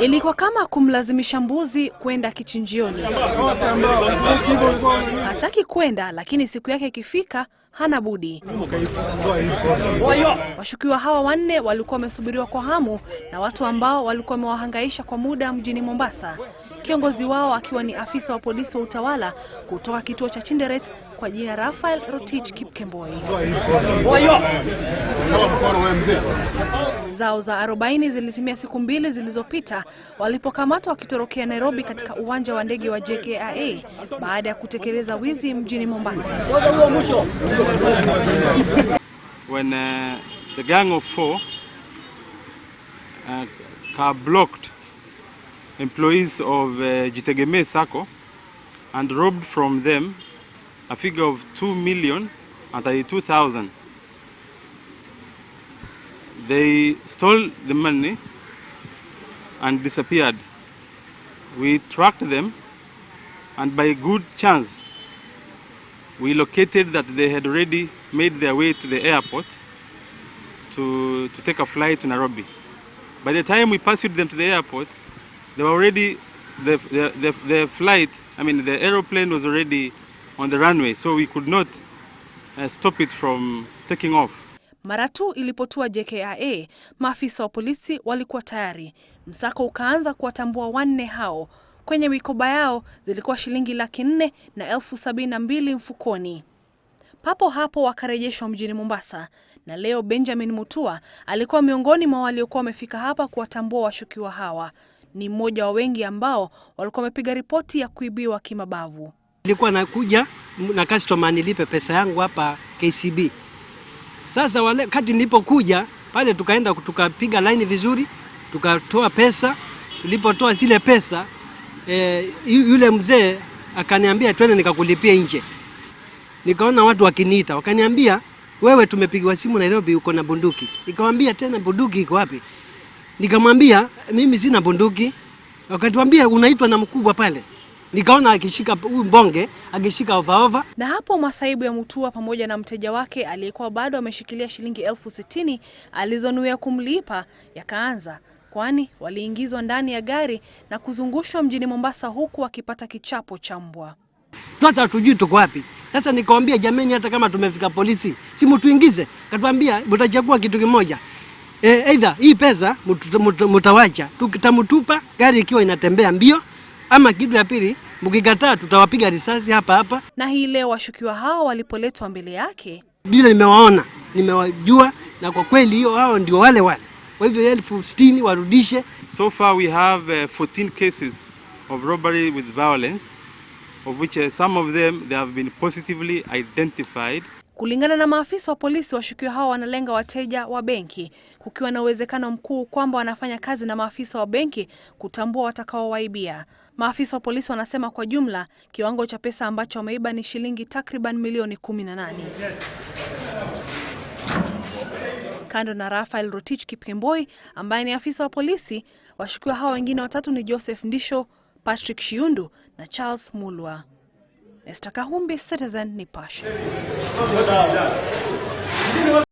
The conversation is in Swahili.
Ilikuwa kama kumlazimisha mbuzi kwenda kichinjioni. Hataki kwenda, lakini siku yake ikifika hana budi. Washukiwa hawa wanne walikuwa wamesubiriwa kwa hamu na watu ambao walikuwa wamewahangaisha kwa muda mjini Mombasa, kiongozi wao akiwa ni afisa wa polisi wa utawala kutoka kituo cha Chinderet kwa jina Rafael Rotich Kipkemboi zao za 40 zilitimia siku mbili zilizopita walipokamatwa wakitorokea Nairobi katika uwanja wa ndege wa JKIA baada ya kutekeleza wizi mjini Mombasa. When uh, the gang of four uh, car blocked employees of uh, Jitegemee Sacco and robbed from them a figure of 2 million and 32,000 They stole the money and disappeared. We tracked them, and by good chance, we located that they had already made their way to the airport to, to take a flight to Nairobi. By the time we pursued them to the airport, they were already, the, the, the, flight, I mean, the aeroplane was already on the runway, so we could not uh, stop it from taking off. Mara tu ilipotua JKIA, maafisa wa polisi walikuwa tayari. Msako ukaanza kuwatambua wanne hao. Kwenye mikoba yao zilikuwa shilingi laki nne na elfu sabini na mbili mfukoni. Papo hapo wakarejeshwa mjini Mombasa, na leo Benjamin Mutua alikuwa miongoni mwa waliokuwa wamefika hapa kuwatambua washukiwa hawa. Ni mmoja wa wengi ambao walikuwa wamepiga ripoti ya kuibiwa kimabavu. Nilikuwa nakuja na customer nilipe pesa yangu hapa KCB sasa wale, kati nilipokuja pale tukaenda tukapiga laini vizuri, tukatoa pesa. Tulipotoa zile pesa e, yule mzee akaniambia twende nikakulipia nje. Nikaona watu wakiniita, wakaniambia wewe, tumepigiwa simu Nairobi, uko na bunduki. Nikamwambia tena bunduki iko wapi? Nikamwambia mimi sina bunduki. Wakatuambia unaitwa na mkubwa pale nikaona akishika huyu mbonge akishika ovaova. Na hapo masaibu ya Mutua pamoja na mteja wake aliyekuwa bado ameshikilia shilingi elfu sitini alizonuia kumlipa yakaanza, kwani waliingizwa ndani ya gari na kuzungushwa mjini Mombasa huku wakipata kichapo cha mbwa. Hata tujui tuko wapi. Sasa nikawambia jameni, hata kama tumefika polisi, si mutuingize Katuambia mtachagua kitu kimoja, e, aidha hii pesa mutawacha, tutamtupa gari ikiwa inatembea mbio ama kitu ya pili, mkikataa tutawapiga risasi hapa hapa. Na hii leo washukiwa hao walipoletwa mbele yake, bila nimewaona, nimewajua, na kwa kweli hiyo hao ndio wale wale. Kwa hivyo elfu sitini warudishe. So far we have uh, eh, 14 cases of robbery with violence of which uh, some of them they have been positively identified Kulingana na maafisa wa polisi, washukiwa hao wanalenga wateja wa benki, kukiwa na uwezekano mkuu kwamba wanafanya kazi na maafisa wa benki kutambua watakaowaibia. Maafisa wa polisi wanasema kwa jumla kiwango cha pesa ambacho wameiba ni shilingi takriban milioni kumi na nane. Kando na Rafael Rotich Kipkemboi ambaye ni afisa wa polisi, washukiwa hao wengine watatu ni Joseph Ndisho, Patrick Shiundu na Charles Mulwa. Nesta Kahumbi, Citizen Nipashe.